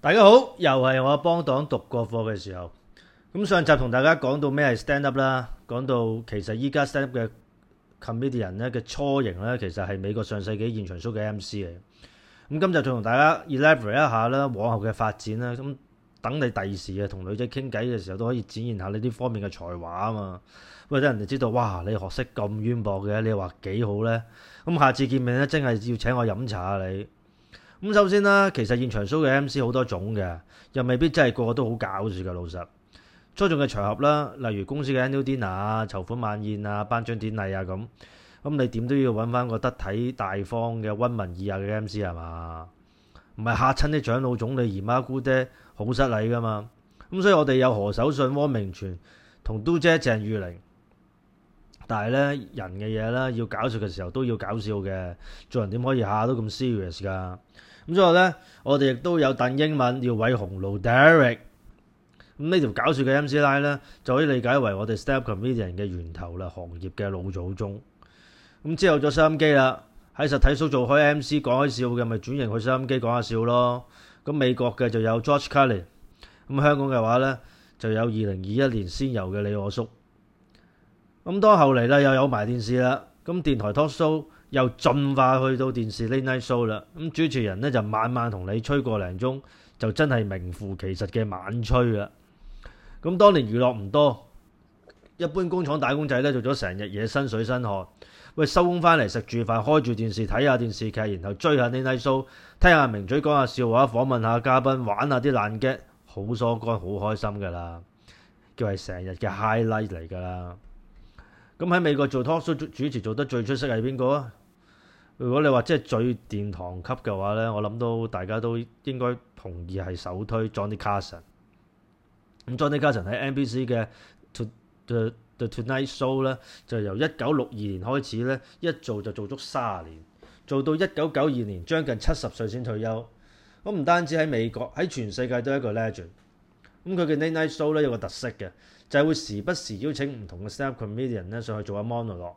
大家好，又係我幫黨獨角課嘅時候。咁上集同大家講到咩係 stand up 啦，講到其實依家 stand up 嘅 comedian 咧嘅雛形咧，其實係美國上世紀現場 show 嘅 MC 嚟。咁今集就同大家 elaborate 一下啦，往後嘅發展啦。咁等你第時啊同女仔傾偈嘅時候都可以展現一下你啲方面嘅才華啊嘛。或者人哋知道哇，你學識咁淵博嘅，你話幾好咧。咁下次見面咧，真係要請我飲茶啊你。咁首先啦，其實現場 show 嘅 MC 好多種嘅，又未必真係個個都好搞笑嘅。老實初眾嘅場合啦，例如公司嘅 annual dinner、籌款晚宴啊、頒獎典禮啊咁，咁你點都要揾翻個得體大方嘅溫文爾雅嘅 MC 係嘛？唔係嚇親啲長老總理姨媽姑爹，好失禮㗎嘛。咁所以我哋有何守信、汪明荃同都姐鄭裕玲，但係呢，人嘅嘢啦，要搞笑嘅時候都要搞笑嘅。做人點可以下下都咁 serious 㗎？咁之後咧，我哋亦都有鄧英文，要偉紅路 Derek。咁呢條搞笑嘅 MC 拉咧，就可以理解為我哋 standup comedian 嘅源頭啦，行業嘅老祖宗。咁之後有咗收音機啦，喺實體 show 做開 MC 講開笑嘅，咪轉型去收音機講下笑咯。咁美國嘅就有 George Kelly。咁香港嘅話咧，就有二零二一年先有嘅李我叔。咁當後嚟啦，又有埋電視啦，咁電台 talk show。又進化去到電視 Late Night Show 啦，咁主持人呢，就晚晚同你吹個零鐘，就真係名副其實嘅晚吹啦。咁當年娛樂唔多，一般工廠打工仔呢，做咗成日嘢，身水身汗，喂收工翻嚟食住飯，開住電視睇下電視劇，然後追下 Late Night Show，聽下名嘴講下笑話，訪問下嘉賓，玩下啲爛 game，好爽乾好開心噶啦，叫係成日嘅 highlight 嚟噶啦。咁喺美國做 talk show 主持做得最出色係邊個啊？如果你話即係最殿堂級嘅話咧，我諗都大家都應該同意係首推 Johnny Carson。咁 Johnny Carson 喺 NBC 嘅 The Tonight Show 咧，就由一九六二年開始咧，一做就做足三十年，做到一九九二年，將近七十歲先退休。咁唔單止喺美國，喺全世界都係一個 legend。咁佢嘅 Tonight Show 咧，有個特色嘅，就係、是、會時不時邀請唔同嘅 stand-up comedian 咧上去做下 monologue。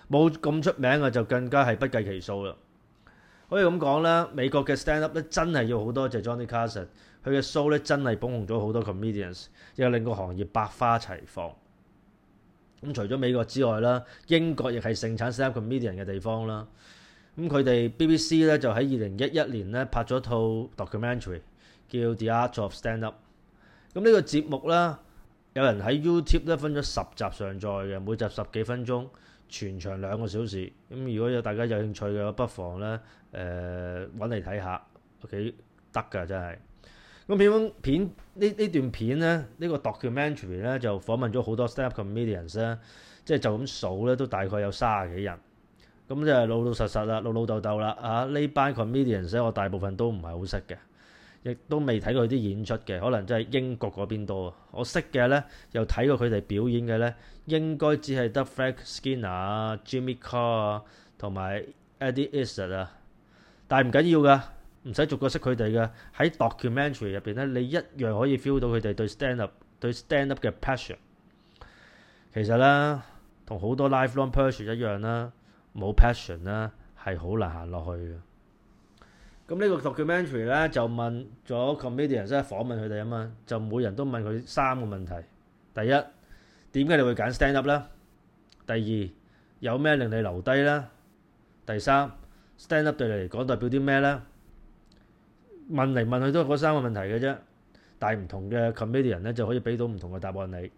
冇咁出名嘅就更加係不計其數啦。可以咁講啦，美國嘅 stand up 咧真係要好多謝 Johnny Carson，佢嘅 show 咧真係捧紅咗好多 comedians，又令個行業百花齊放。咁、嗯、除咗美國之外啦，英國亦係盛產 stand up comedian 嘅地方啦。咁佢哋 BBC 咧就喺二零一一年咧拍咗套 documentary 叫《The Art of Stand Up》。咁、嗯、呢、呢個節目咧，有人喺 YouTube 咧分咗十集上載嘅，每集十幾分鐘。全場兩個小時，咁如果有大家有興趣嘅話，不妨咧誒揾嚟睇下，OK，得㗎真係。咁片風片，片呢呢段片咧，呢個 documentary 咧就訪問咗好多 stand-up comedians 咧，即係就咁數咧都大概有三十幾人。咁就係老老實實啦，老老豆豆啦嚇。啊呢班 comedians 咧，我大部分都唔係好識嘅。亦都未睇過佢啲演出嘅，可能真係英國嗰邊多啊！我識嘅呢，又睇過佢哋表演嘅呢，應該只係得 Frank Skinner 啊、Jimmy Carr 啊同埋 Eddie Izzard 啊。但係唔緊要噶，唔使逐個識佢哋嘅。喺 documentary 入邊呢，你一樣可以 feel 到佢哋對 stand up 對 stand up 嘅 passion。其實呢，同好多 lifelong pursuit 一樣啦，冇 passion 啦，係好難行落去嘅。咁呢個 documentary 咧就問咗 comedian 即係訪問佢哋啊嘛，就每人都問佢三個問題：第一，點解你會揀 stand up 呢？第二，有咩令你留低呢？第三，stand up 對你嚟講代表啲咩咧？問嚟問去都係嗰三個問題嘅啫，但係唔同嘅 comedian 咧就可以俾到唔同嘅答案你。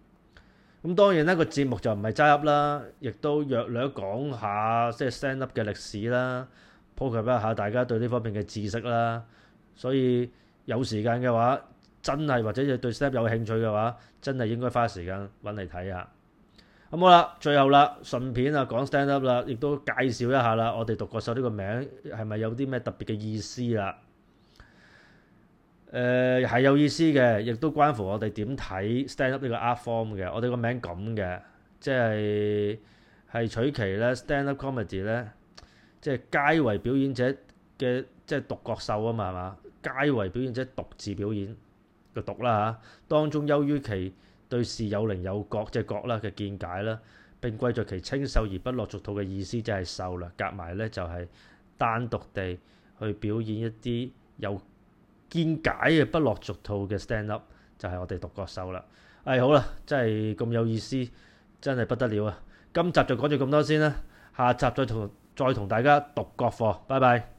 咁當然呢個節目就唔係齋噏啦，亦都約略講下即係 stand up 嘅歷史啦。普及一下大家對呢方面嘅知識啦，所以有時間嘅話，真係或者對 stand-up 有興趣嘅話，真係應該花時間揾嚟睇下。咁好啦，最後啦，順便啊講 stand-up 啦，亦都介紹一下啦，我哋獨角獸呢個名係咪有啲咩特別嘅意思啊？誒、呃、係有意思嘅，亦都關乎我哋點睇 stand-up 呢個 art form 嘅。我哋個名咁嘅，即係係取其咧 stand-up comedy 咧。即係皆為表演者嘅，即係獨角獸啊嘛，係嘛？皆為表演者獨自表演個獨啦嚇，當中優於其對事有靈有角，即係角啦嘅見解啦。並貴在其清秀而不落俗套嘅意思，即獸就係秀啦。夾埋咧就係單獨地去表演一啲有見解嘅不落俗套嘅 stand up，就係我哋獨角獸啦。唉、哎，好啦，真係咁有意思，真係不得了啊！今集就講咗咁多先啦，下集再同。再同大家讀獨角課，拜拜。